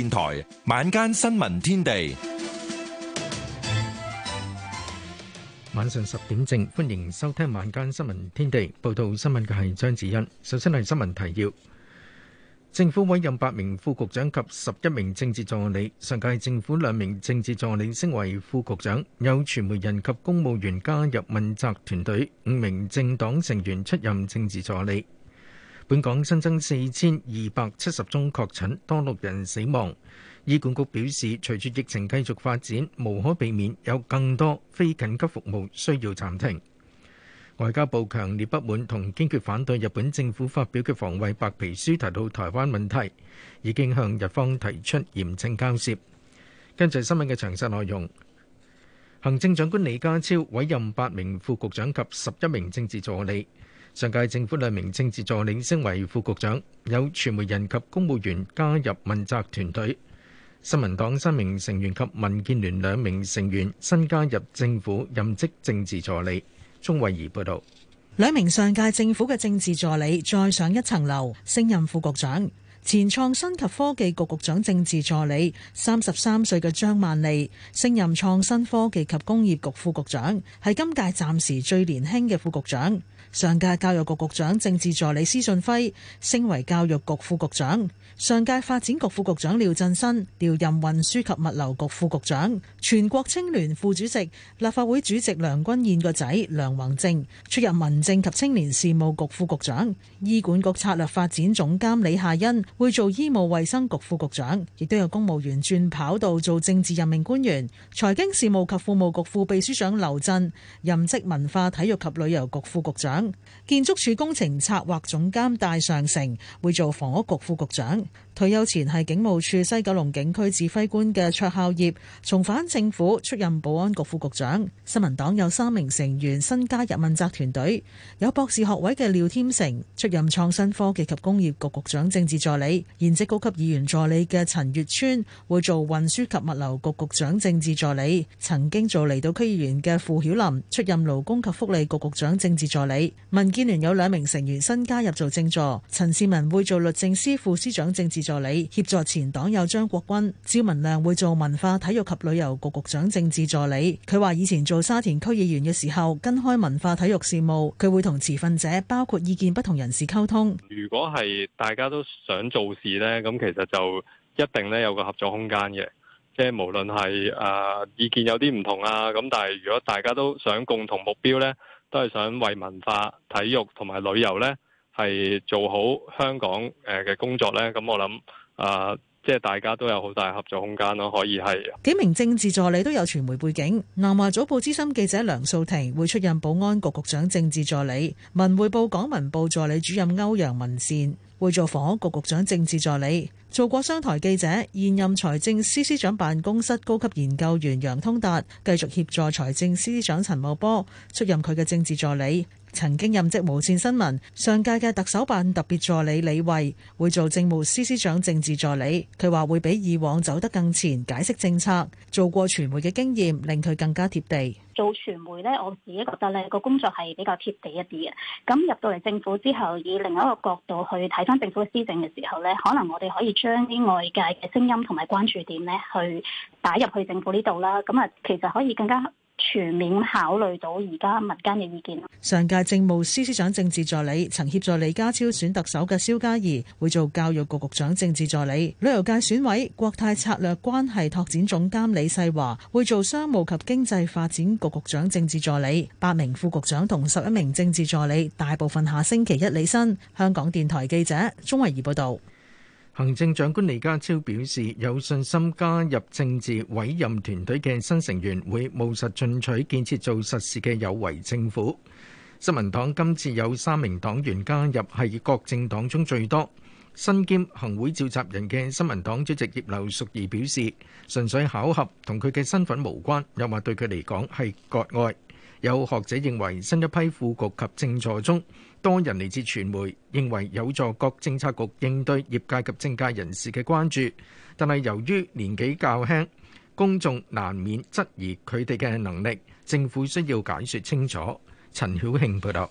電台晚間新聞天地，晚上十點正，歡迎收聽晚間新聞天地。報道新聞嘅係張子欣。首先係新聞提要：政府委任八名副局長及十一名政治助理。上屆政府兩名政治助理升為副局長，有傳媒人及公務員加入問責團隊，五名政黨成員出任政治助理。本港新增四千二百七十宗確診，多六人死亡。醫管局表示，隨住疫情繼續發展，無可避免有更多非緊急服務需要暫停。外交部強烈不滿同堅決反對日本政府發表嘅防衛白皮書提到台灣問題，已經向日方提出嚴正交涉。跟住新聞嘅詳細內容，行政長官李家超委任八名副局長及十一名政治助理。上屆政府兩名政治助理升為副局長，有傳媒人及公務員加入問責團隊。新民黨三名成員及民建聯兩名成員新加入政府任職政治助理。鐘慧儀報道，兩名上屆政府嘅政治助理再上一層樓，升任副局長。前創新及科技局局長政治助理三十三歲嘅張曼莉升任創新科技及工業局副局長，係今屆暫時最年輕嘅副局長。上屆教育局局長政治助理施俊輝升為教育局副局長，上屆發展局副局長廖振新調任運輸及物流局副局長，全國青聯副主席、立法會主席梁君彥個仔梁宏正出任民政及青年事務局副局長，醫管局策略發展總監李夏欣會做醫務衛生局副局長，亦都有公務員轉跑道做政治任命官員，財經事務及副務局副秘書長劉震任職文化體育及旅遊局副局長。建築署工程策劃總監戴尚成會做房屋局副局長，退休前係警務處西九龍警區指揮官嘅卓孝業重返政府出任保安局副局長。新民黨有三名成員新加入問責團隊，有博士學位嘅廖添成出任創新科技及工業局局長政治助理，現職高級議員助理嘅陳月川會做運輸及物流局局長政治助理，曾經做離島區議員嘅傅曉林出任勞工及福利局局長政治助理，問。建聯有兩名成員新加入做政助，陳志文會做律政司副司長政治助理，協助前黨友張國鈞，趙文亮會做文化體育及旅遊局局長政治助理。佢話以前做沙田區議員嘅時候，跟開文化體育事務，佢會同持份者包括意見不同人士溝通。如果係大家都想做事呢，咁其實就一定呢有個合作空間嘅。即係無論係誒意見有啲唔同啊，咁但係如果大家都想共同目標咧，都係想為文化、體育同埋旅遊咧，係做好香港誒嘅工作咧，咁我諗誒，即係大家都有好大合作空間咯，可以係幾名政治助理都有傳媒背景，南華早報資深記者梁素婷會出任保安局局長政治助理，文匯報港聞部助理主任歐陽文善，會做房屋局局長政治助理，做過商台記者，現任財政司司長辦公室高級研究員楊通達，繼續協助財政司司長陳茂波出任佢嘅政治助理。曾經任職無線新聞，上屆嘅特首辦特別助理李慧會做政務司司長政治助理。佢話會比以往走得更前，解釋政策。做過傳媒嘅經驗令佢更加貼地。做傳媒呢，我自己覺得呢個工作係比較貼地一啲嘅。咁入到嚟政府之後，以另一個角度去睇翻政府嘅施政嘅時候呢，可能我哋可以將啲外界嘅聲音同埋關注點呢，去打入去政府呢度啦。咁啊，其實可以更加。全面考慮到而家民間嘅意見。上屆政務司司長政治助理曾協助李家超選特首嘅蕭嘉怡會做教育局局長政治助理，旅遊界選委國泰策略關係拓展總監李世華會做商務及經濟發展局局長政治助理，八名副局長同十一名政治助理大部分下星期一履新。香港電台記者鍾慧儀報導。行政長官李家超表示有信心加入政治委任團隊嘅新成員會務實進取，建設做實事嘅有為政府。新民黨今次有三名黨員加入，係各政黨中最多。身兼行會召集人嘅新民黨主席葉劉淑儀表示，純粹巧合，同佢嘅身份無關，又話對佢嚟講係割愛。有學者認為新一批副局及政助中，多人嚟自傳媒，認為有助各政策局應對業界及政界人士嘅關注，但係由於年紀較輕，公眾難免質疑佢哋嘅能力，政府需要解說清楚。陳曉慶報道。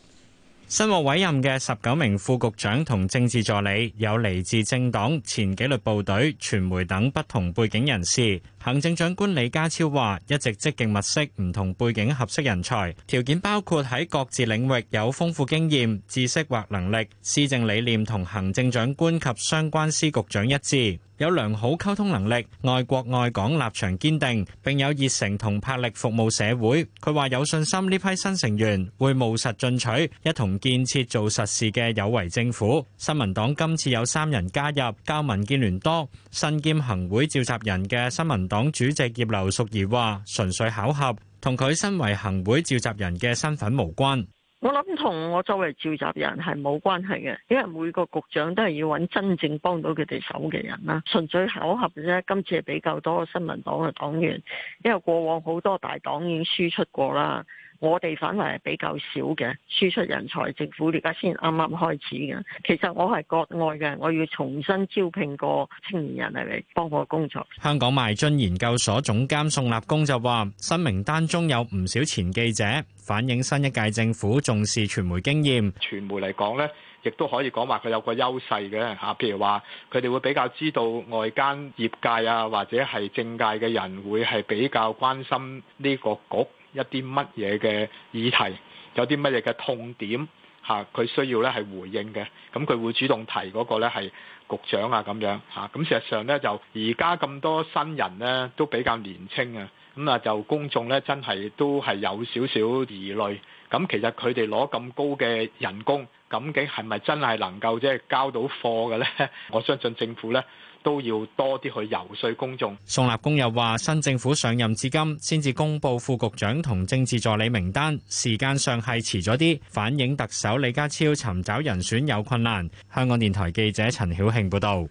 新獲委任嘅十九名副局長同政治助理，有嚟自政黨、前紀律部隊、傳媒等不同背景人士。行政長官李家超話，一直積極物色唔同背景合適人才，條件包括喺各自領域有豐富經驗、知識或能力、施政理念同行政長官及相關司局長一致。有良好溝通能力，愛國愛港立場堅定，並有熱誠同魄力服務社會。佢話有信心呢批新成員會務實進取，一同建設做實事嘅有為政府。新民黨今次有三人加入，交民建聯多，身兼行會召集人嘅新民黨主席葉劉淑儀話：純粹巧合，同佢身為行會召集人嘅身份無關。我諗同我作為召集人係冇關係嘅，因為每個局長都係要揾真正幫到佢哋手嘅人啦，純粹巧合啫。今次係比較多新民黨嘅黨員，因為過往好多大黨已經輸出過啦。我哋反為係比較少嘅輸出人才，政府而家先啱啱開始嘅。其實我係國外嘅，我要重新招聘個青年人嚟幫我工作。香港邁進研究所總監宋立功就話，新名單中有唔少前記者反映，新一屆政府重視傳媒經驗，傳媒嚟講咧，亦都可以講話佢有個優勢嘅吓，譬如話佢哋會比較知道外間業界啊，或者係政界嘅人會係比較關心呢個局。一啲乜嘢嘅議題，有啲乜嘢嘅痛點，嚇佢需要咧係回應嘅，咁佢會主動提嗰個咧係局長啊咁樣嚇，咁、啊、事實上咧就而家咁多新人咧都比較年青啊，咁、嗯、啊就公眾咧真係都係有少少疑慮，咁、嗯、其實佢哋攞咁高嘅人工，咁究竟係咪真係能夠即係交到貨嘅咧？我相信政府咧。都要多啲去遊說公眾。宋立功又話新政府上任至今，先至公布副局長同政治助理名單，時間上係遲咗啲，反映特首李家超尋找人選有困難。香港電台記者陳曉慶報道。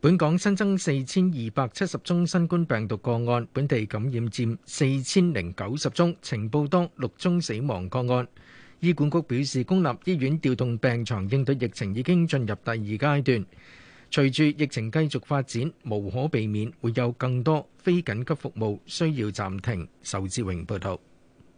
本港新增四千二百七十宗新冠病毒個案，本地感染佔四千零九十宗，呈報多六宗死亡個案。醫管局表示，公立醫院調動病床應對疫情已經進入第二階段。隨住疫情繼續發展，無可避免會有更多非緊急服務需要暫停。仇志榮報導。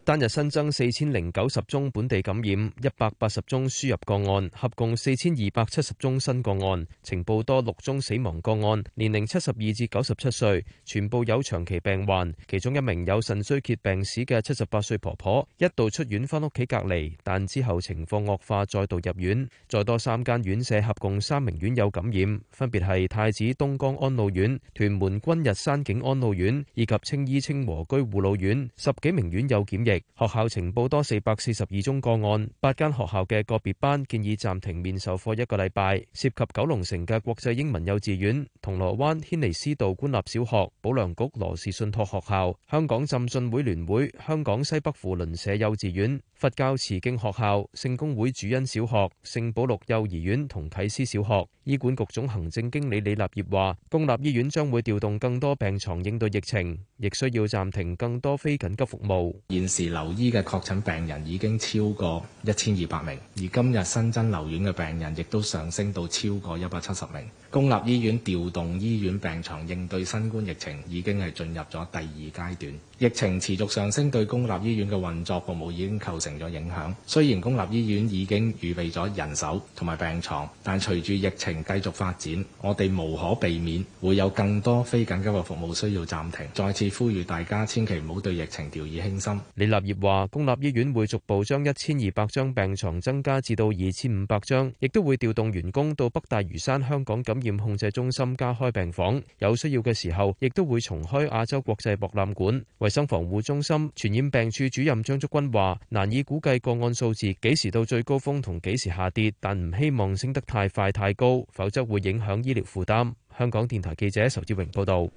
單日新增四千零九十宗本地感染，一百八十宗輸入個案，合共四千二百七十宗新個案。情報多六宗死亡個案，年齡七十二至九十七歲，全部有長期病患。其中一名有腎衰竭病史嘅七十八歲婆婆，一度出院翻屋企隔離，但之後情況惡化，再度入院。再多三間院舍合共三名院友感染，分別係太子東江安老院、屯門君日山景安老院以及青衣清和居護老院，十幾名院友檢疫。學校情報多四百四十二宗個案，八間學校嘅個別班建議暫停面授課一個禮拜。涉及九龍城嘅國際英文幼稚園、銅鑼灣軒尼詩道官立小學、保良局羅氏信託學校、香港浸信會聯會、香港西北扶輪社幼稚園、佛教慈敬學校、聖公會主恩小學、聖保禄幼兒園同啟思小學。醫管局總行政經理李立業話，公立醫院將會調動更多病床應對疫情，亦需要暫停更多非緊急服務。現時留醫嘅確診病人已經超過一千二百名，而今日新增留院嘅病人亦都上升到超過一百七十名。公立醫院調動醫院病床應對新冠疫情已經係進入咗第二階段，疫情持續上升對公立醫院嘅運作服務已經構成咗影響，雖然公立醫院已經預備咗人手同埋病床，但隨住疫情繼續發展，我哋無可避免會有更多非緊急嘅服務需要暫停。再次呼籲大家千祈唔好對疫情掉以輕心。李立業話公立醫院會逐步將一千二百張病床增加至到二千五百張，亦都會調動員工到北大嶼山、香港咁。感染控制中心加開病房，有需要嘅時候亦都會重開亞洲國際博覽館。衛生防護中心傳染病處主任張竹君話：難以估計個案數字幾時到最高峰同幾時下跌，但唔希望升得太快太高，否則會影響醫療負擔。香港電台記者仇志榮報道。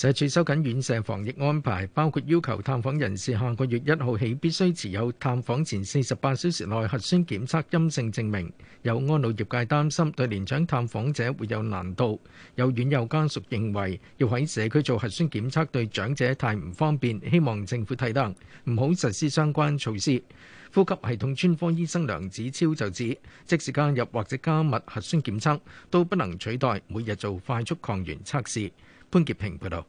社署收緊院舍防疫安排，包括要求探訪人士下個月一號起必須持有探訪前四十八小時內核酸檢測陰性證明。有安老業界擔心對年長探訪者會有難度。有院友家屬認為要喺社區做核酸檢測對長者太唔方便，希望政府睇得唔好實施相關措施。呼吸系統專科醫生梁子超就指，即使加入或者加密核酸檢測都不能取代每日做快速抗原測試。潘潔平報道：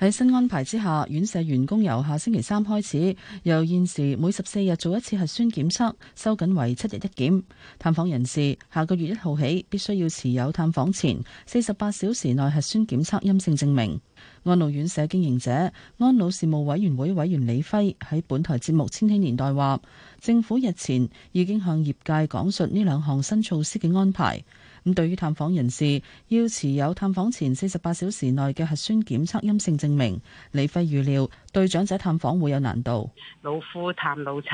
喺新安排之下，院舍員工由下星期三開始，由現時每十四日做一次核酸檢測，收緊為七日一檢。探訪人士下個月一號起，必須要持有探訪前四十八小時內核酸檢測陰性證明。安老院舍經營者、安老事務委員會委員李輝喺本台節目《千禧年代》話：政府日前已經向業界講述呢兩項新措施嘅安排。咁對於探訪人士，要持有探訪前四十八小時內嘅核酸檢測陰性證明。李輝預料對長者探訪會有難度。老夫探老妻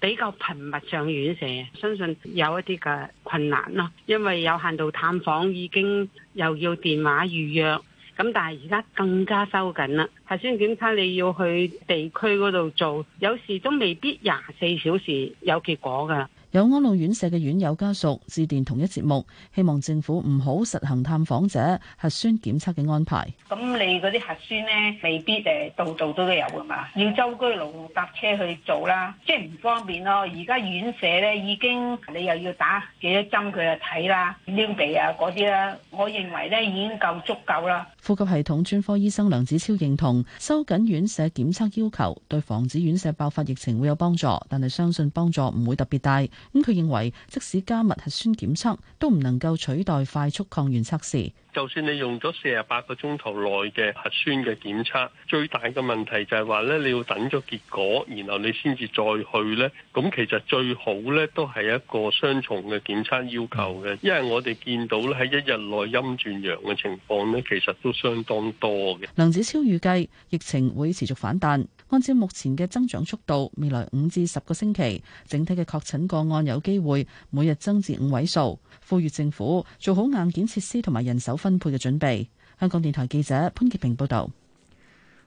比較頻密上院舍，相信有一啲嘅困難咯。因為有限度探訪已經又要電話預約，咁但係而家更加收緊啦。核酸檢測你要去地區嗰度做，有時都未必廿四小時有結果㗎。有安老院舍嘅院友家屬致電同一節目，希望政府唔好實行探訪者核酸檢測嘅安排。咁你嗰啲核酸咧，未必誒度度都都有噶嘛，要周居路搭車去做啦，即係唔方便咯。而家院舍咧已經你又要打幾多針，佢又睇啦，撩鼻啊嗰啲啦。我認為咧已經夠足夠啦。呼吸系統專科醫生梁子超認同收緊院舍檢測要求，對防止院舍爆發疫情會有幫助，但係相信幫助唔會特別大。咁佢認為，即使加密核酸檢測，都唔能夠取代快速抗原測試。就算你用咗四十八個鐘頭內嘅核酸嘅檢測，最大嘅問題就係話呢，你要等咗結果，然後你先至再去呢。咁其實最好呢都係一個雙重嘅檢測要求嘅，因為我哋見到呢喺一日內陰轉陽嘅情況呢，其實都相當多嘅。梁子超預計疫情會持續反彈。按照目前嘅增長速度，未來五至十個星期，整體嘅確診個案有機會每日增至五位數。呼籲政府做好硬件設施同埋人手分配嘅準備。香港電台記者潘潔平報導。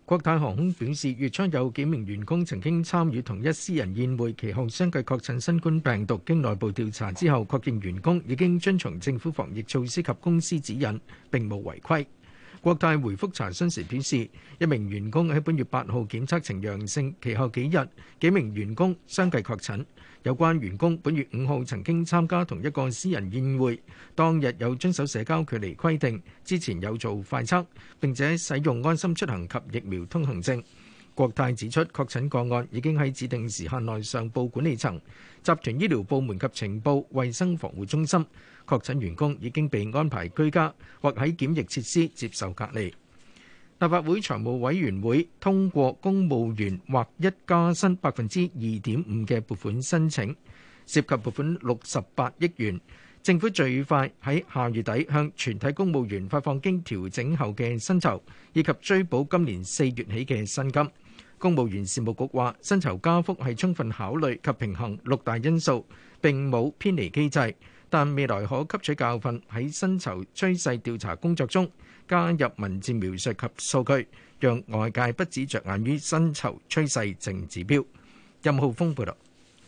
國泰航空表示，月初有幾名員工曾經參與同一私人宴會，其後相繼確診新冠病毒。經內部調查之後，確認員工已經遵從政府防疫措施及公司指引，並冇違規。國泰回覆查詢時表示，一名員工喺本月八號檢測呈陽性，其後幾日，幾名員工相繼確診。有關員工本月五號曾經參加同一個私人宴會，當日有遵守社交距離規定，之前有做快測，並且使用安心出行及疫苗通行證。國泰指出，確診個案已經喺指定時限內上報管理層、集團醫療部門及情報衛生防護中心。確診員工已經被安排居家或喺檢疫設施接受隔離。立法會財務委員會通過公務員或一加薪百分之二點五嘅撥款申請，涉及撥款六十八億元。政府最快喺下月底向全體公務員發放經調整後嘅薪酬，以及追補今年四月起嘅薪金。公務員事務局話，薪酬加幅係充分考慮及平衡六大因素，並冇偏離機制，但未來可吸取教訓喺薪酬趨勢調查工作中，加入文字描述及數據，讓外界不只着眼於薪酬趨勢淨指標。任浩峰報導，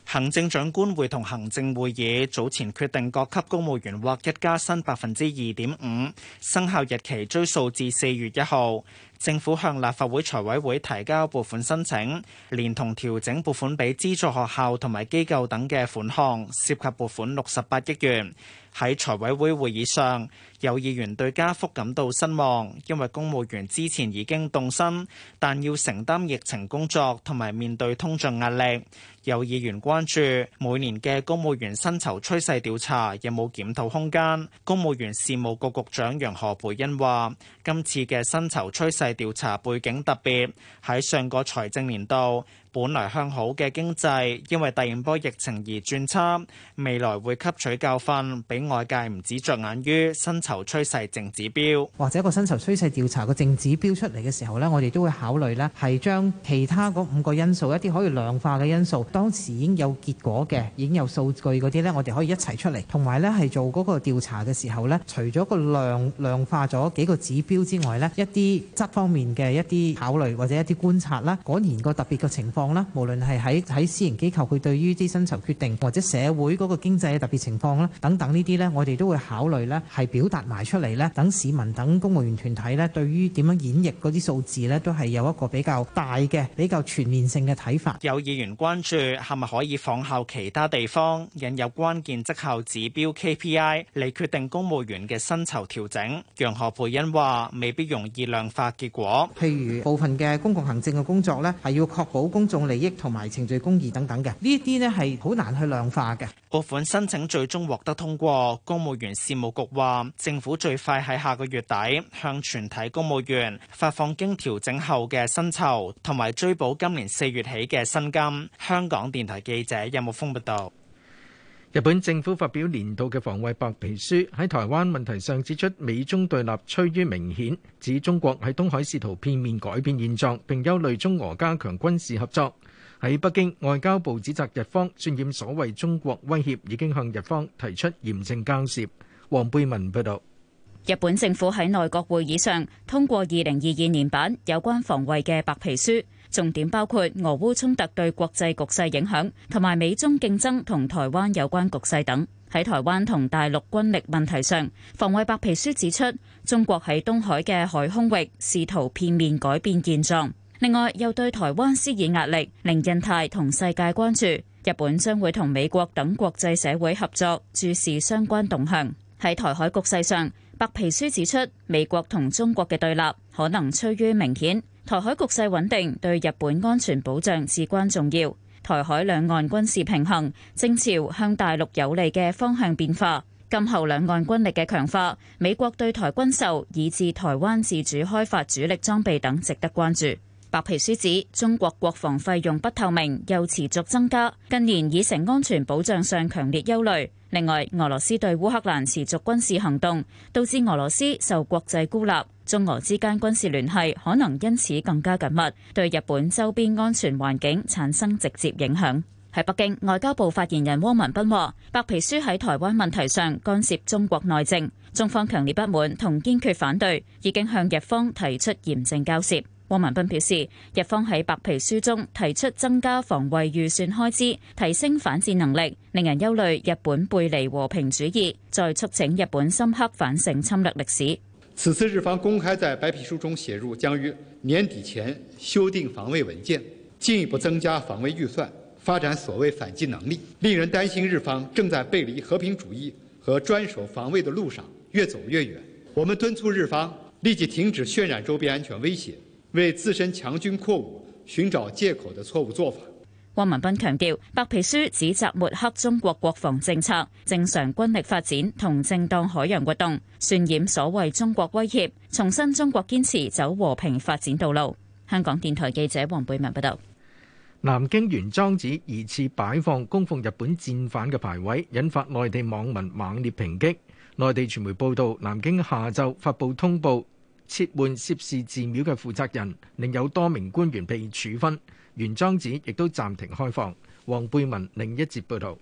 行政長官會同行政會議早前決定各級公務員獲一加薪百分之二點五，生效日期追溯至四月一號。政府向立法會財委會提交撥款申請，連同調整撥款畀資助學校同埋機構等嘅款項，涉及撥款六十八億元。喺財委會會議上，有議員對加幅感到失望，因為公務員之前已經動身，但要承擔疫情工作同埋面對通脹壓力。有議員關注每年嘅公務員薪酬趨勢調查有冇檢討空間。公務員事務局局，局長楊何蓓茵話：今次嘅薪酬趨勢調查背景特別，喺上個財政年度。本來向好嘅經濟，因為第五波疫情而轉差，未來會吸取教訓，俾外界唔止着眼於薪酬趨勢淨指標，或者個薪酬趨勢調查個淨指標出嚟嘅時候呢，我哋都會考慮呢，係將其他嗰五個因素一啲可以量化嘅因素，當時已經有結果嘅已經有數據嗰啲，呢我哋可以一齊出嚟，同埋呢係做嗰個調查嘅時候呢除咗個量量化咗幾個指標之外呢，一啲質方面嘅一啲考慮或者一啲觀察啦，嗰年個特別嘅情況。啦，無論係喺喺私營機構，佢對於啲薪酬決定，或者社會嗰個經濟嘅特別情況啦，等等呢啲呢，我哋都會考慮呢，係表達埋出嚟呢，等市民、等公務員團體呢，對於點樣演繹嗰啲數字呢，都係有一個比較大嘅、比較全面性嘅睇法。有議員關注係咪可以仿效其他地方，引入關鍵績效指標 KPI 嚟決定公務員嘅薪酬調整？楊何蓓茵話：未必容易量化結果。譬如部分嘅公共行政嘅工作呢，係要確保公仲利益同埋程序公義等等嘅，呢啲呢係好難去量化嘅。撥款申請最終獲得通過，公務員事務局話，政府最快喺下個月底向全體公務員發放經調整後嘅薪酬，同埋追補今年四月起嘅薪金。香港電台記者任木峯報道。日本政府發表年度嘅防衛白皮書，喺台灣問題上指出美中對立趨於明顯，指中國喺東海試圖片面改變現狀，並憂慮中俄加強軍事合作。喺北京，外交部指責日方渲染所謂中國威脅，已經向日方提出嚴正交涉。黃貝文報導，日本政府喺內閣會議上通過二零二二年版有關防衛嘅白皮書。重點包括俄烏衝突對國際局勢影響，同埋美中競爭同台灣有關局勢等。喺台灣同大陸軍力問題上，防衛白皮書指出，中國喺東海嘅海空域試圖片面改變現狀。另外，又對台灣施以壓力，令印太同世界關注。日本將會同美國等國際社會合作，注視相關動向。喺台海局勢上，白皮書指出，美國同中國嘅對立可能趨於明顯。台海局勢穩定對日本安全保障至關重要。台海兩岸軍事平衡，正朝向大陸有利嘅方向變化。今後兩岸軍力嘅強化，美國對台軍售以至台灣自主開發主力裝備等，值得關注。白皮書指，中國國防費用不透明又持續增加，近年已成安全保障上強烈憂慮。另外，俄羅斯對烏克蘭持續軍事行動，導致俄羅斯受國際孤立，中俄之間軍事聯繫可能因此更加緊密，對日本周邊安全環境產生直接影響。喺北京，外交部發言人汪文斌話，白皮書喺台灣問題上干涉中國內政，中方強烈不滿同堅決反對，已經向日方提出嚴正交涉。汪文斌表示，日方喺白皮書中提出增加防衛預算開支、提升反戰能力，令人憂慮日本背離和平主義，再促請日本深刻反省侵略歷史。此次日方公開在白皮書中寫入將於年底前修訂防衛文件，進一步增加防衛預算，發展所謂反擊能力，令人擔心日方正在背離和平主義和專守防衛的路上越走越遠。我們敦促日方立即停止渲染周邊安全威脅。為自身強軍擴武尋找借口的錯誤做法。汪文斌強調，白皮書指責抹黑中國國防政策、正常軍力發展同正當海洋活動，渲染所謂中國威脅，重申中國堅持走和平發展道路。香港電台記者黃貝文報道。南京玄奘寺疑似擺放供奉日本戰犯嘅牌位，引發內地網民猛烈抨擊。內地傳媒報道，南京下晝發布通報。撤換涉事寺廟嘅負責人，另有多名官員被處分。玄奘寺亦都暫停開放。黃貝文另一節報道，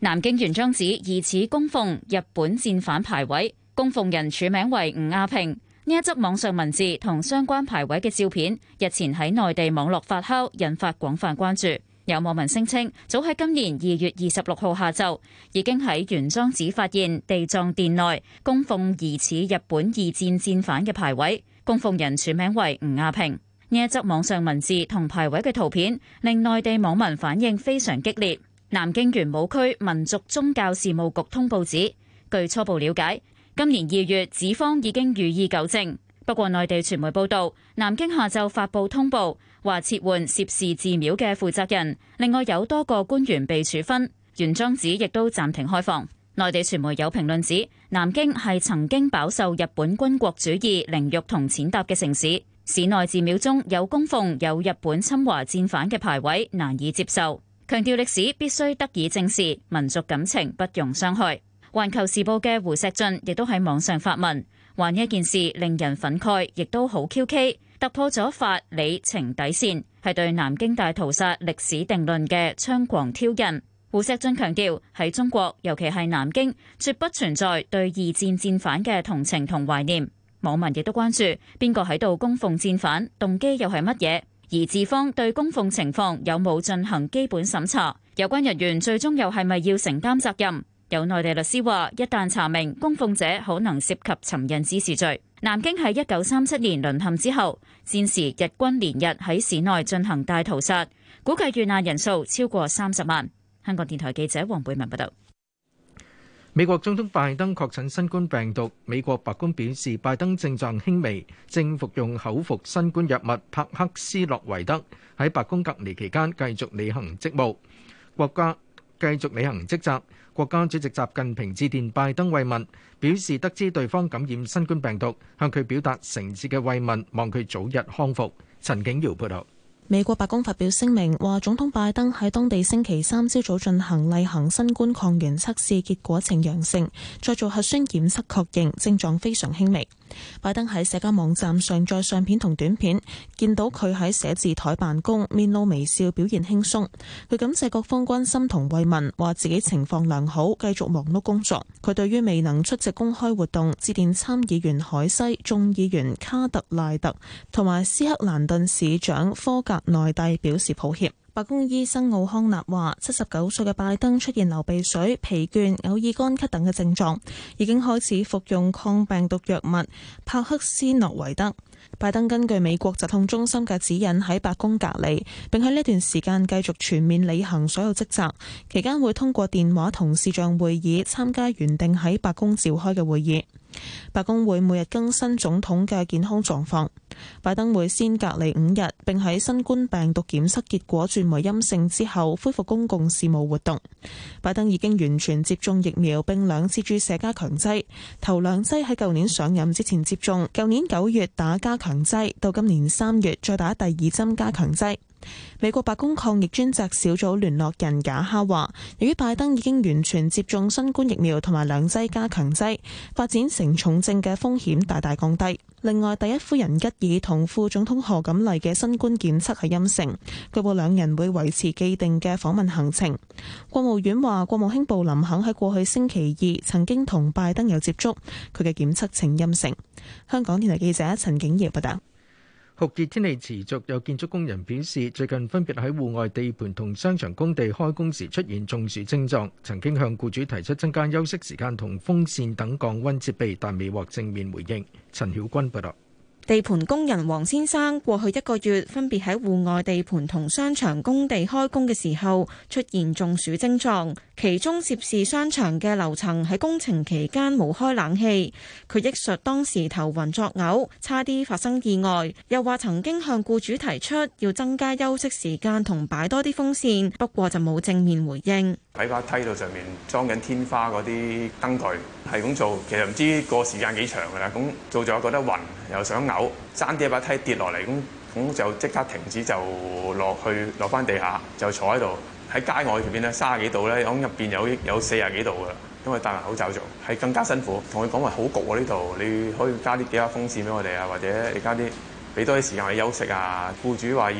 南京玄奘寺疑似供奉日本戰犯牌位，供奉人署名為吳啊萍。呢一則網上文字同相關牌位嘅照片，日前喺內地網絡發酵，引發廣泛關注。有網民聲稱，早喺今年二月二十六號下晝，已經喺玄奘寺發現地藏殿內供奉疑似日本二戰戰犯嘅牌位，供奉人全名為吳亞平。呢一則網上文字同牌位嘅圖片，令內地網民反應非常激烈。南京玄武區民族宗教事務局通報指，據初步了解，今年二月，寺方已經予以糾正。不過，內地傳媒報導，南京下晝發布通報，話撤換涉事寺廟嘅負責人，另外有多個官員被處分，玄奘寺亦都暫停開放。內地傳媒有評論指，南京係曾經飽受日本軍國主義凌辱同踐踏嘅城市，市內寺廟中有供奉有日本侵華戰犯嘅牌位，難以接受，強調歷史必須得以正視，民族感情不容傷害。《環球時報》嘅胡錫進亦都喺網上發問。還一件事令人憤慨，亦都好蹊蹺，突破咗法理情底線，係對南京大屠殺歷史定論嘅猖狂挑釁。胡錫進強調，喺中國，尤其係南京，絕不存在對二戰戰犯嘅同情同懷念。網民亦都關注邊個喺度供奉戰犯，動機又係乜嘢？而寺方對供奉情況有冇進行基本審查？有關人員最終又係咪要承擔責任？有內地律師話：一旦查明供奉者可能涉及尋釁滋事罪。南京喺一九三七年淪陷之後，戰時日軍連日喺市內進行大屠殺，估計遇難人數超過三十萬。香港電台記者黃貝文報道。美國總統拜登確診新冠病毒，美國白宮表示，拜登症狀輕微，正服用口服新冠藥物帕克斯洛維德，喺白宮隔離期間繼續履行職務。國家。繼續履行職責。國家主席習近平致電拜登慰問，表示得知對方感染新冠病毒，向佢表達誠摯嘅慰問，望佢早日康復。陳景耀報導。美國白宮發表聲明，話總統拜登喺當地星期三朝早進行例行新冠抗原測試，結果呈陽性，再做核酸檢測確認，症狀非常輕微。拜登喺社交網站上載相片同短片，見到佢喺寫字枱辦公，面露微笑，表現輕鬆。佢感謝各方關心同慰問，話自己情況良好，繼續忙碌工作。佢對於未能出席公開活動，致電參議員凱西、眾議員卡特賴特同埋斯克蘭頓市長科內地表示抱歉。白宮醫生奧康納話，七十九歲嘅拜登出現流鼻水、疲倦、偶爾乾咳等嘅症狀，已經開始服用抗病毒藥物帕克斯諾維德。拜登根據美國疾控中心嘅指引喺白宮隔離，並喺呢段時間繼續全面履行所有職責。期間會通過電話同視像會議參加原定喺白宮召開嘅會議。白宮會每日更新總統嘅健康狀況。拜登會先隔離五日，並喺新冠病毒檢測結果轉為陰性之後，恢復公共事務活動。拜登已經完全接種疫苗，並兩次注射加強劑。頭兩劑喺舊年上任之前接種，舊年九月打加強劑，到今年三月再打第二針加強劑。美國白宮抗疫專責小組聯絡人賈哈話，由於拜登已經完全接種新冠疫苗同埋兩劑加強劑，發展成重症嘅風險大大降低。另外，第一夫人吉爾同副總統賀錦麗嘅新冠檢測係陰性，據報兩人會維持既定嘅訪問行程。國務院話，國務卿布林肯喺過去星期二曾經同拜登有接觸，佢嘅檢測呈陰性。香港電台記者陳景瑤報道。酷熱天氣持續，有建築工人表示，最近分別喺戶外地盤同商場工地開工時出現中暑症狀，曾經向僱主提出增加休息時間同風扇等降溫設備，但未獲正面回應。陳曉君報道，地盤工人黃先生過去一個月分別喺戶外地盤同商場工地開工嘅時候出現中暑症狀。其中涉事商場嘅樓層喺工程期間冇開冷氣，佢憶述當時頭暈作嘔，差啲發生意外，又話曾經向僱主提出要增加休息時間同擺多啲風扇，不過就冇正面回應。喺把梯度上面裝緊天花嗰啲燈具係咁做，其實唔知個時間幾長㗎啦。咁做咗覺得暈又想嘔，爭啲一把梯跌落嚟，咁咁就即刻停止，就落去落翻地下就坐喺度。喺街外入邊咧，卅幾度咧，響入邊有有四十幾度噶啦，因為戴埋口罩做，係更加辛苦。同佢講話，好焗喎。呢度你可以加啲幾下風扇俾我哋啊，或者你加啲俾多啲時間去休息啊。僱主話要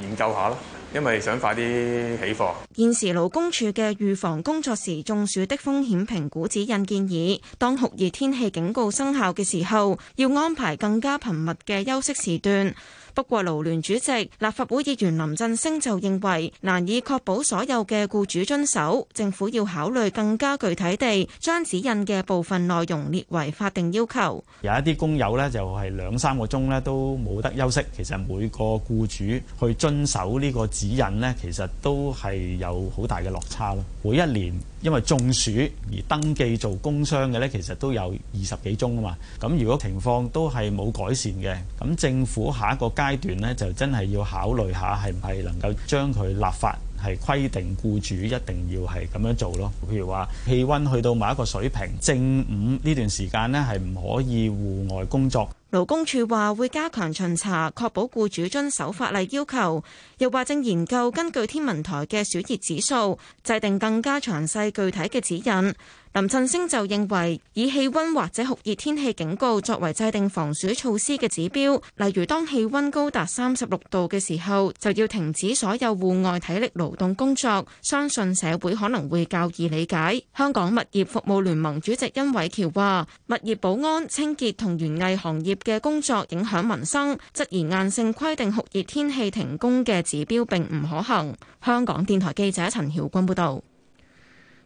研究下咯，因為想快啲起貨。現時勞工處嘅預防工作時中暑的風險評估指引建議，當酷熱天氣警告生效嘅時候，要安排更加頻密嘅休息時段。不過，勞聯主席立法會議員林振昇就認為難以確保所有嘅僱主遵守，政府要考慮更加具體地將指引嘅部分內容列為法定要求。有一啲工友呢，就係兩三個鐘呢都冇得休息，其實每個僱主去遵守呢個指引呢，其實都係有好大嘅落差咯。每一年，因為中暑而登記做工傷嘅呢，其實都有二十幾宗啊嘛。咁如果情況都係冇改善嘅，咁政府下一個階段呢，就真係要考慮下係唔係能夠將佢立法係規定僱主一定要係咁樣做咯。譬如話氣温去到某一個水平，正午呢段時間呢，係唔可以戶外工作。勞工處話會加強巡查，確保僱主遵守法例要求，又話正研究根據天文台嘅暑熱指數，制定更加詳細具體嘅指引。林振昇就認為，以氣温或者酷熱天氣警告作為制定防暑措施嘅指標，例如當氣温高達三十六度嘅時候，就要停止所有戶外體力勞動工作，相信社會可能會較易理解。香港物業服務聯盟主席殷偉橋話，物業保安、清潔同園藝行業嘅工作影響民生，質疑硬性規定酷熱天氣停工嘅指標並唔可行。香港電台記者陳曉君報導。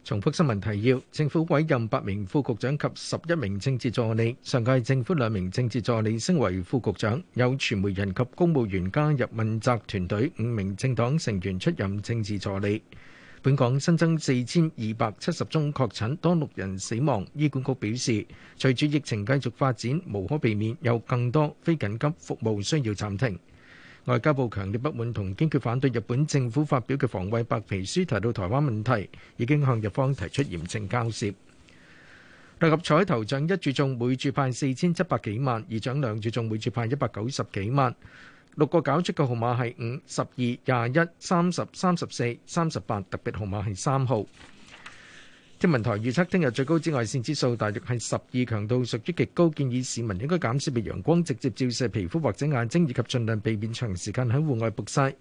重複新聞提要：政府委任八名副局長及十一名政治助理。上屆政府兩名政治助理升為副局長，有傳媒人及公務員加入問責團隊，五名政黨成員出任政治助理。本港新增四千二百七十宗確診，多六人死亡。醫管局表示，隨住疫情繼續發展，無可避免有更多非緊急服務需要暫停。外交部強烈不滿同堅決反對日本政府發表嘅防衛白皮書提到台灣問題，已經向日方提出嚴正交涉。六合彩頭獎一注中，每注派四千七百幾萬；二獎兩注中，每注派一百九十幾萬。六個搞出嘅號碼係五、十二、廿一、三十、三十四、三十八。特別號碼係三號。天文台預測，聽日最高紫外線指數大約係十二強度，屬於極高，建議市民應該減少被陽光直接照射皮膚或者眼睛，以及盡量避免長時間喺戶外曝曬。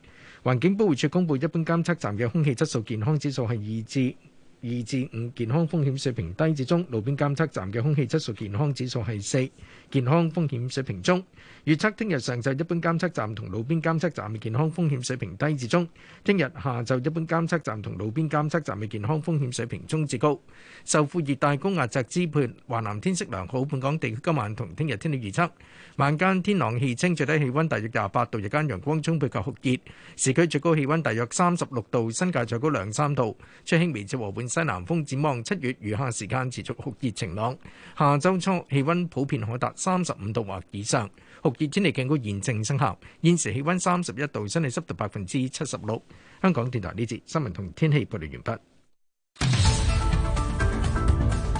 環境保護署公布，一般監測站嘅空氣質素健康指數係二至二至五，健康風險水平低至中；路邊監測站嘅空氣質素健康指數係四。健康風險水平中，預測聽日上晝一般監測站同路邊監測站嘅健康風險水平低至中。聽日下晝一般監測站同路邊監測站嘅健康風險水平中至高。受副熱帶高壓脊支配，華南天色良好。本港地區今晚同聽日天氣預測：晚間天朗氣清，最低氣溫大約廿八度；日間陽光充沛及酷熱，市區最高氣溫大約三十六度，新界最高兩三度。吹輕微至和緩西南風。展望七月餘下時間持續酷熱晴朗。下周初氣溫普遍可達。三十五度或以上，酷熱天氣警告現正生效。現時氣温三十一度，相對濕度百分之七十六。香港電台呢節新聞同天氣報道完畢。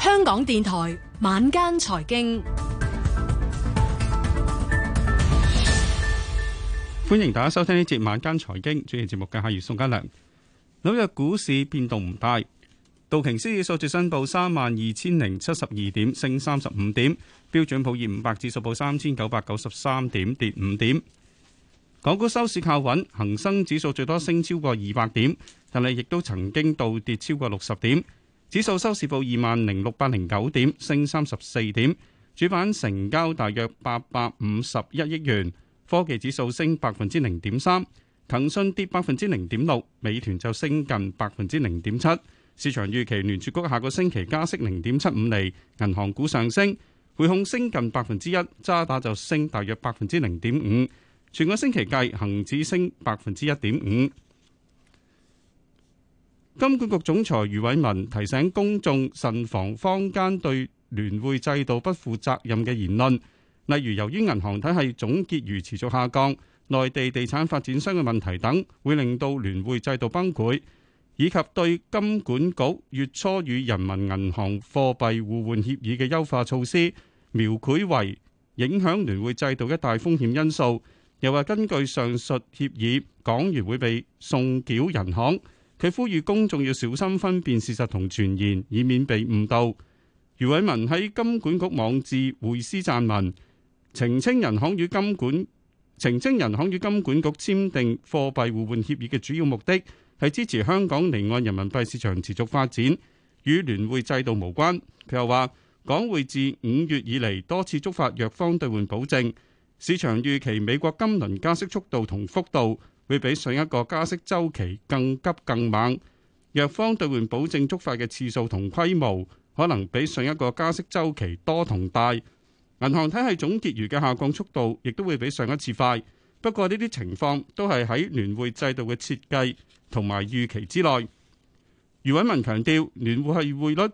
香港電台晚間財經，歡迎大家收聽呢節晚間財經主持節目嘅夏宇、宋家良。紐約股市變動唔大。道瓊斯指數新報三萬二千零七十二點，升三十五點。標準普爾五百指數報三千九百九十三點，跌五點。港股收市靠穩，恒生指數最多升超過二百點，但係亦都曾經倒跌超過六十點。指數收市報二萬零六百零九點，升三十四點。主板成交大約八百五十一億元。科技指數升百分之零點三，騰訊跌百分之零點六，美團就升近百分之零點七。市場預期聯儲局下個星期加息零點七五厘，銀行股上升，匯控升近百分之一，渣打就升大約百分之零點五，全個星期計恒指升百分之一點五。金管局總裁余偉文提醒公眾慎防坊間對聯匯制度不負責任嘅言論，例如由於銀行體系總結餘持續下降、內地地產發展商嘅問題等，會令到聯匯制度崩潰。以及對金管局月初與人民銀行貨幣互換協議嘅優化措施，描繪為影響聯匯制度一大風險因素。又話根據上述協議，港元會被送繳人行。佢呼籲公眾要小心分辨事實同傳言，以免被誤導。余偉文喺金管局網誌回師撰文澄清人行與金管澄清人行與金管局簽訂貨幣互換協議嘅主要目的。係支持香港離岸人民幣市場持續發展，與聯匯制度無關。佢又話：港匯自五月以嚟多次觸發弱方兌換保證，市場預期美國今輪加息速度同幅度會比上一個加息週期更急更猛。弱方兌換保證觸發嘅次數同規模可能比上一個加息週期多同大。銀行體系總結餘嘅下降速度亦都會比上一次快。不過呢啲情況都係喺聯匯制度嘅設計，同埋預期之內，余偉文強調，聯繫匯率，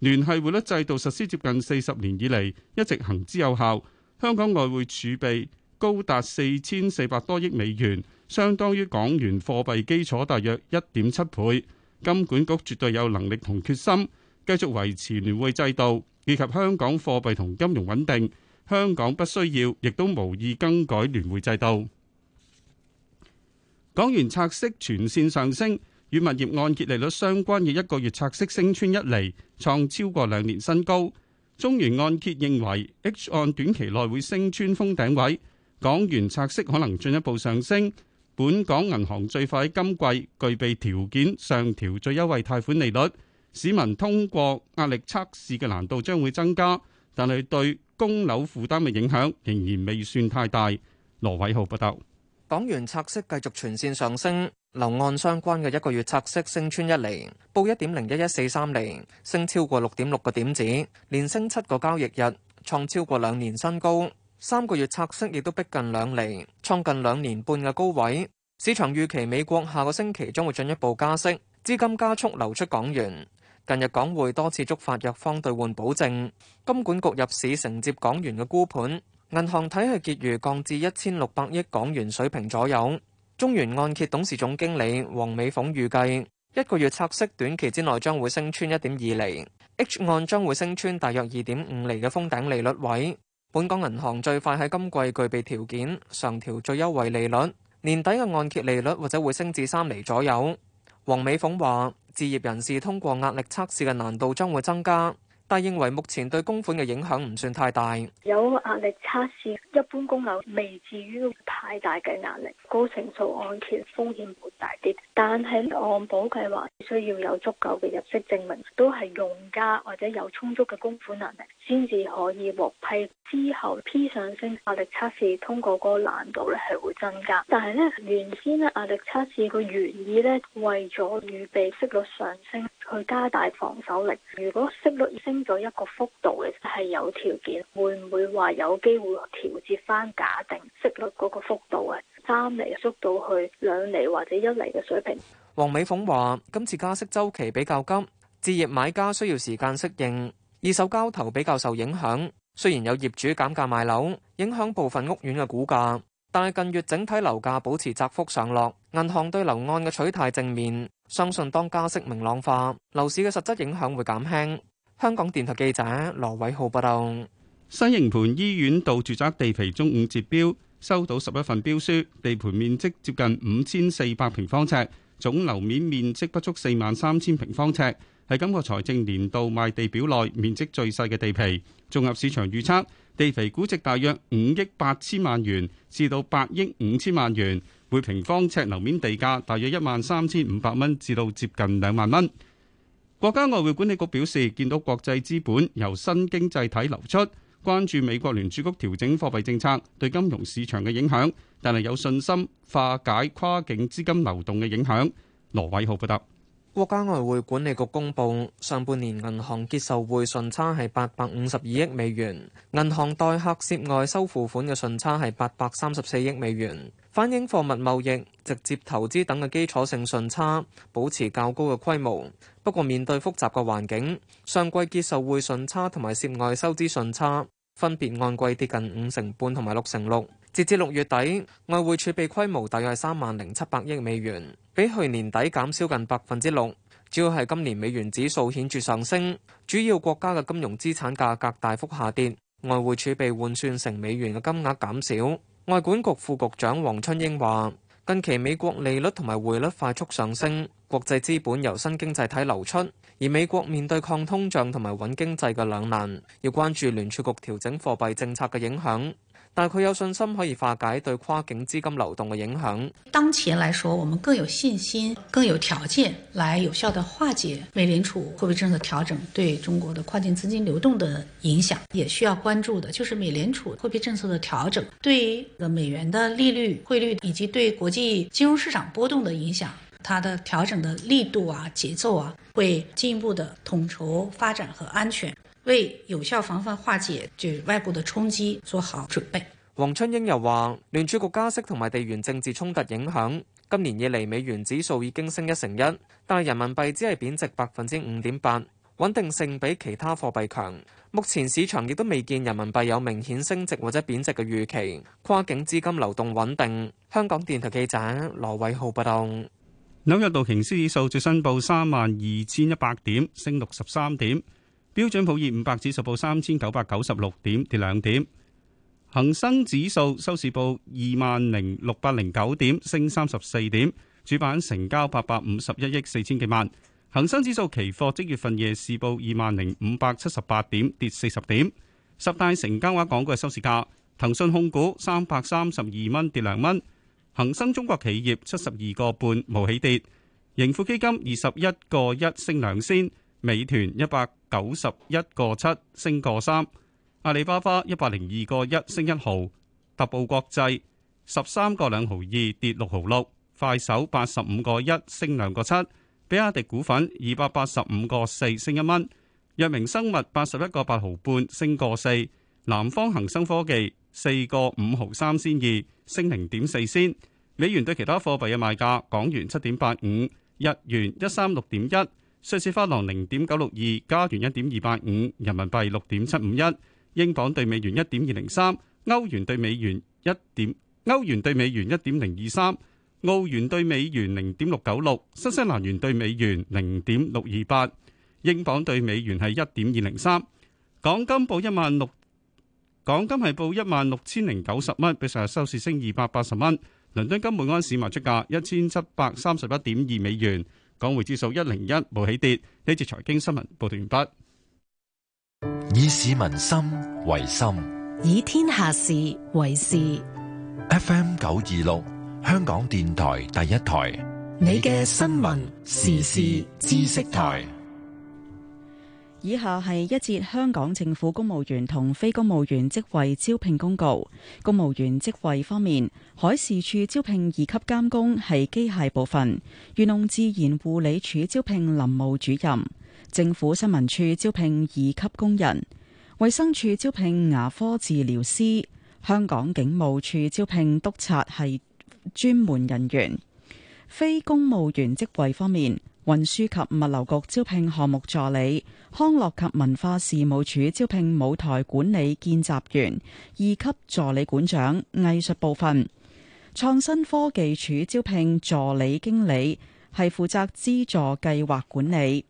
聯繫匯率制度實施接近四十年以嚟，一直行之有效。香港外匯儲備高達四千四百多億美元，相當於港元貨幣基礎大約一點七倍。金管局絕對有能力同決心繼續維持聯匯制度，以及香港貨幣同金融穩定。香港不需要，亦都無意更改聯匯制度。港元拆息全線上升，與物業按揭利率相關嘅一個月拆息升穿一釐，創超過兩年新高。中原按揭認為 H 按短期內會升穿封頂位，港元拆息可能進一步上升。本港銀行最快喺今季具備條件上調最優惠貸款利率，市民通過壓力測試嘅難度將會增加，但係對供樓負擔嘅影響仍然未算太大。羅偉浩報道。港元拆息繼續全線上升，樓按相關嘅一個月拆息升穿一厘，報一點零一一四三厘，升超過六點六個點子，連升七個交易日，創超過兩年新高。三個月拆息亦都逼近兩厘，創近兩年半嘅高位。市場預期美國下個星期將會進一步加息，資金加速流出港元。近日港匯多次觸發弱方兌換保證，金管局入市承接港元嘅沽盤。銀行體系結餘降至一千六百億港元水平左右。中原按揭董事總經理黃美鳳預計，一個月拆息短期之內將會升穿一點二厘，H 按將會升穿大約二點五厘嘅封頂利率位。本港銀行最快喺今季具備條件上調最優惠利率，年底嘅按揭利率或者會升至三厘左右。黃美鳳話，置業人士通過壓力測試嘅難度將會增加。但係認為目前對供款嘅影響唔算太大，有壓力測試，一般供樓未至於太大嘅壓力。高成數按揭風險會大啲，但係按保計劃需要有足夠嘅入息證明，都係用家或者有充足嘅供款能力先至可以獲批。之後 P 上升壓，壓力測試通過嗰個難度咧係會增加。但係咧原先咧壓力測試佢原意咧為咗預備息率上升去加大防守力，如果息率升咗一個幅度嘅，係有條件會唔會話有機會調節翻假定息率嗰個幅度啊？三厘縮到去兩厘或者一厘嘅水平。黃美鳳話：今次加息周期比較急，置業買家需要時間適應，二手交投比較受影響。雖然有業主減價賣樓，影響部分屋苑嘅股價，但係近月整體樓價保持窄幅上落。銀行對樓按嘅取態正面，相信當加息明朗化，樓市嘅實質影響會減輕。香港電台記者羅偉浩報道。西營盤醫院道住宅地皮中午截標，收到十一份標書，地盤面積接近五千四百平方尺，總樓面面積不足四萬三千平方尺，係今個財政年度賣地表內面積最細嘅地皮。綜合市場預測，地皮估值大約五億八千萬元至到八億五千萬元，每平方尺樓面地價大約一萬三千五百蚊至到接近兩萬蚊。國家外匯管理局表示，見到國際資本由新經濟體流出，關注美國聯儲局調整貨幣政策對金融市場嘅影響，但係有信心化解跨境資金流動嘅影響。羅偉浩報道。國家外匯管理局公布，上半年銀行結售匯順差係八百五十二億美元，銀行代客涉外收付款嘅順差係八百三十四億美元，反映貨物貿易、直接投資等嘅基礎性順差保持較高嘅規模。不過面對複雜嘅環境，上季結售匯順差同埋涉外收支順差分別按季跌近五成半同埋六成六。截至六月底，外匯儲備規模大約係三萬零七百億美元。比去年底減少近百分之六，主要係今年美元指數顯著上升，主要國家嘅金融資產價格大幅下跌，外匯儲備換算成美元嘅金額減少。外管局副局長王春英話：近期美國利率同埋匯率快速上升，國際資本由新經濟體流出，而美國面對抗通脹同埋穩經濟嘅兩難，要關注聯儲局調整貨幣政策嘅影響。但係佢有信心可以化解對跨境資金流動的影響。當前來說，我們更有信心、更有條件，來有效地化解美聯儲貨幣政策調整對中國的跨境資金流動的影響。也需要關注的，就是美聯儲貨幣政策的調整對於美元的利率、匯率以及對國際金融市場波動的影響。它的調整的力度啊、節奏啊，會進一步的統籌發展和安全。為有效防範化解這外部的衝擊做好準備。黃春英又話，聯儲局加息同埋地緣政治衝突影響，今年以嚟美元指數已經升一成一，但係人民幣只係貶值百分之五點八，穩定性比其他貨幣強。目前市場亦都未見人民幣有明顯升值或者貶值嘅預期，跨境資金流動穩定。香港電台記者羅偉浩報道。紐約道瓊斯指數最新報三萬二千一百點，升六十三點。標準普爾五百指數報三千九百九十六點，跌兩點。恒生指數收市報二萬零六百零九點，升三十四點。主板成交八百五十一億四千幾萬。恒生指數期貨即月份夜市報二萬零五百七十八點，跌四十點。十大成交額港股嘅收市價：騰訊控股三百三十二蚊，跌兩蚊。恒生中國企業七十二個半，無起跌。盈富基金二十一個一，升兩仙。美團一百九十一個七升個三，阿里巴巴一百零二個一升一毫，特步國際十三個兩毫二跌六毫六，快手八十五個一升兩個七，比亞迪股份二百八十五個四升一蚊，藥明生物八十一個八毫半升個四，南方恒生科技四個五毫三先二升零點四先，美元對其他貨幣嘅賣價，港元七點八五，日元一三六點一。瑞士法郎零點九六二，加元一點二八五，人民幣六點七五一，英鎊對美元一點二零三，歐元對美元一點，歐元對美元一點零二三，澳元對美元零點六九六，新西蘭元對美元零點六二八，英鎊對美元係一點二零三，港金報一萬六，港金係報一萬六千零九十蚊，比上日收市升二百八十蚊。倫敦金每安士賣出價一千七百三十一點二美元。港匯指數一零一冇起跌。呢節財經新聞報道完畢。以市民心為心，以天下事為事。FM 九二六香港電台第一台，你嘅新聞時事知識台。以下係一節香港政府公務員同非公務員職位招聘公告。公務員職位方面，海事處招聘二級監工係機械部分；漁農自然護理處招聘林務主任；政府新聞處招聘二級工人；衛生署招聘牙科治療師；香港警務處招聘督察係專門人員。非公務員職位方面。運輸及物流局招聘項目助理，康樂及文化事務署招聘舞台管理見習員、二級助理館長藝術部分，創新科技署招聘助理經理，係負責資助計劃管理。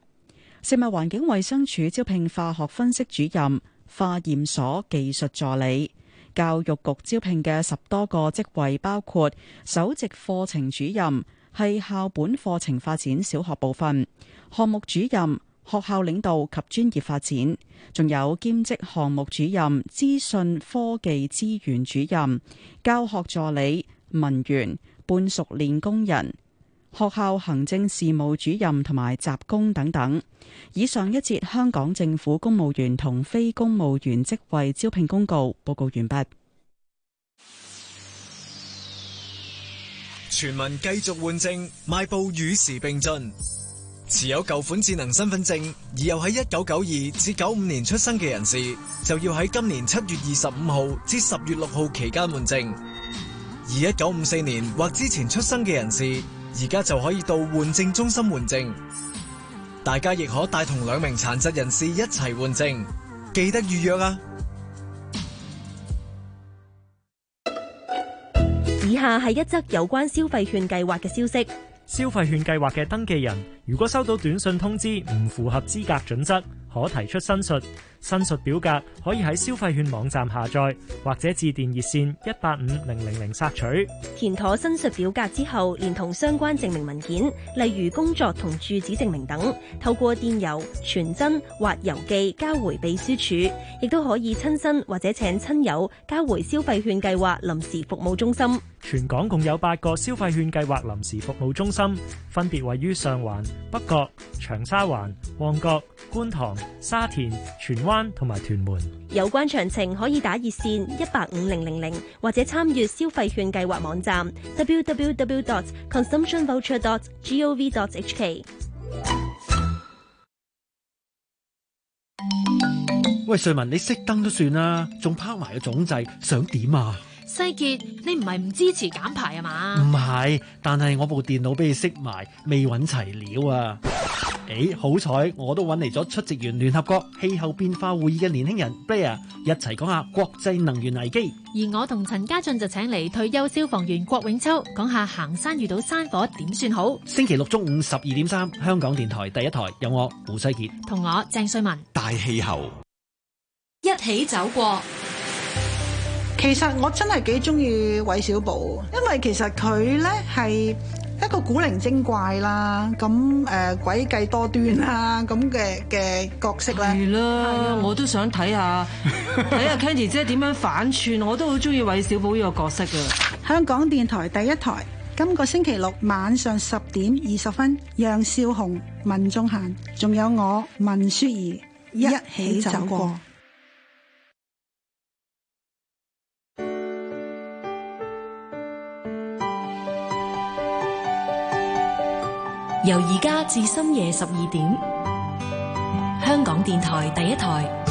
食物環境衛生署招聘化學分析主任、化驗所技術助理。教育局招聘嘅十多個職位包括首席課程主任。係校本課程發展小學部分，項目主任、學校領導及專業發展，仲有兼職項目主任、資訊科技資源主任、教學助理、文員、半熟練工人、學校行政事務主任同埋雜工等等。以上一節香港政府公務員同非公務員職位招聘公告報告完畢。全民繼續換證，邁步與時並進。持有舊款智能身份證而又喺一九九二至九五年出生嘅人士，就要喺今年七月二十五號至十月六號期間換證。而一九五四年或之前出生嘅人士，而家就可以到換證中心換證。大家亦可帶同兩名殘疾人士一齊換證，記得預約啊！以下係一則有關消費券計劃嘅消息。消費券計劃嘅登記人，如果收到短信通知唔符合資格準則，可提出申述。申述表格可以喺消費券網站下載，或者致電熱線一八五零零零索取。填妥申述表格之後，連同相關證明文件，例如工作同住址證明等，透過電郵、傳真或郵寄交回秘書處，亦都可以親身或者請親友交回消費券計劃臨時服務中心。全港共有八個消費券計劃臨時服務中心，分別位於上環。北角、長沙灣、旺角、觀塘、沙田、荃灣同埋屯門。有關詳情可以打熱線一八五零零零，或者參與消費券計劃網站 www.consumptionvoucher.gov.hk。Www. Um、gov. 喂，瑞文，你熄燈都算啦，仲拋埋個總掣，想點啊？西杰，你唔係唔支持減排啊嘛？唔係，但係我部電腦俾你熄埋，未揾齊料啊！誒，好彩，我都揾嚟咗出席完聯合國氣候變化會議嘅年輕人 Blair 一齊講下國際能源危機。而我同陳家俊就請嚟退休消防員郭永秋講,講下行山遇到山火點算好。星期六中午十二點三，3, 香港電台第一台有我胡西杰同我鄭瑞文，大氣候一起走過。其實我真係幾中意韋小寶，因為其實佢呢係一個古靈精怪啦，咁誒詭計多端啦，咁嘅嘅角色咧，啦，誒誒我都想睇下睇 下 Candy 姐點樣反串，我都好中意韋小寶呢個角色啊。香港電台第一台，今個星期六晚上十點二十分，楊少雄、文中嫻，仲有我文雪兒一起走過。由而家至深夜十二點，香港電台第一台。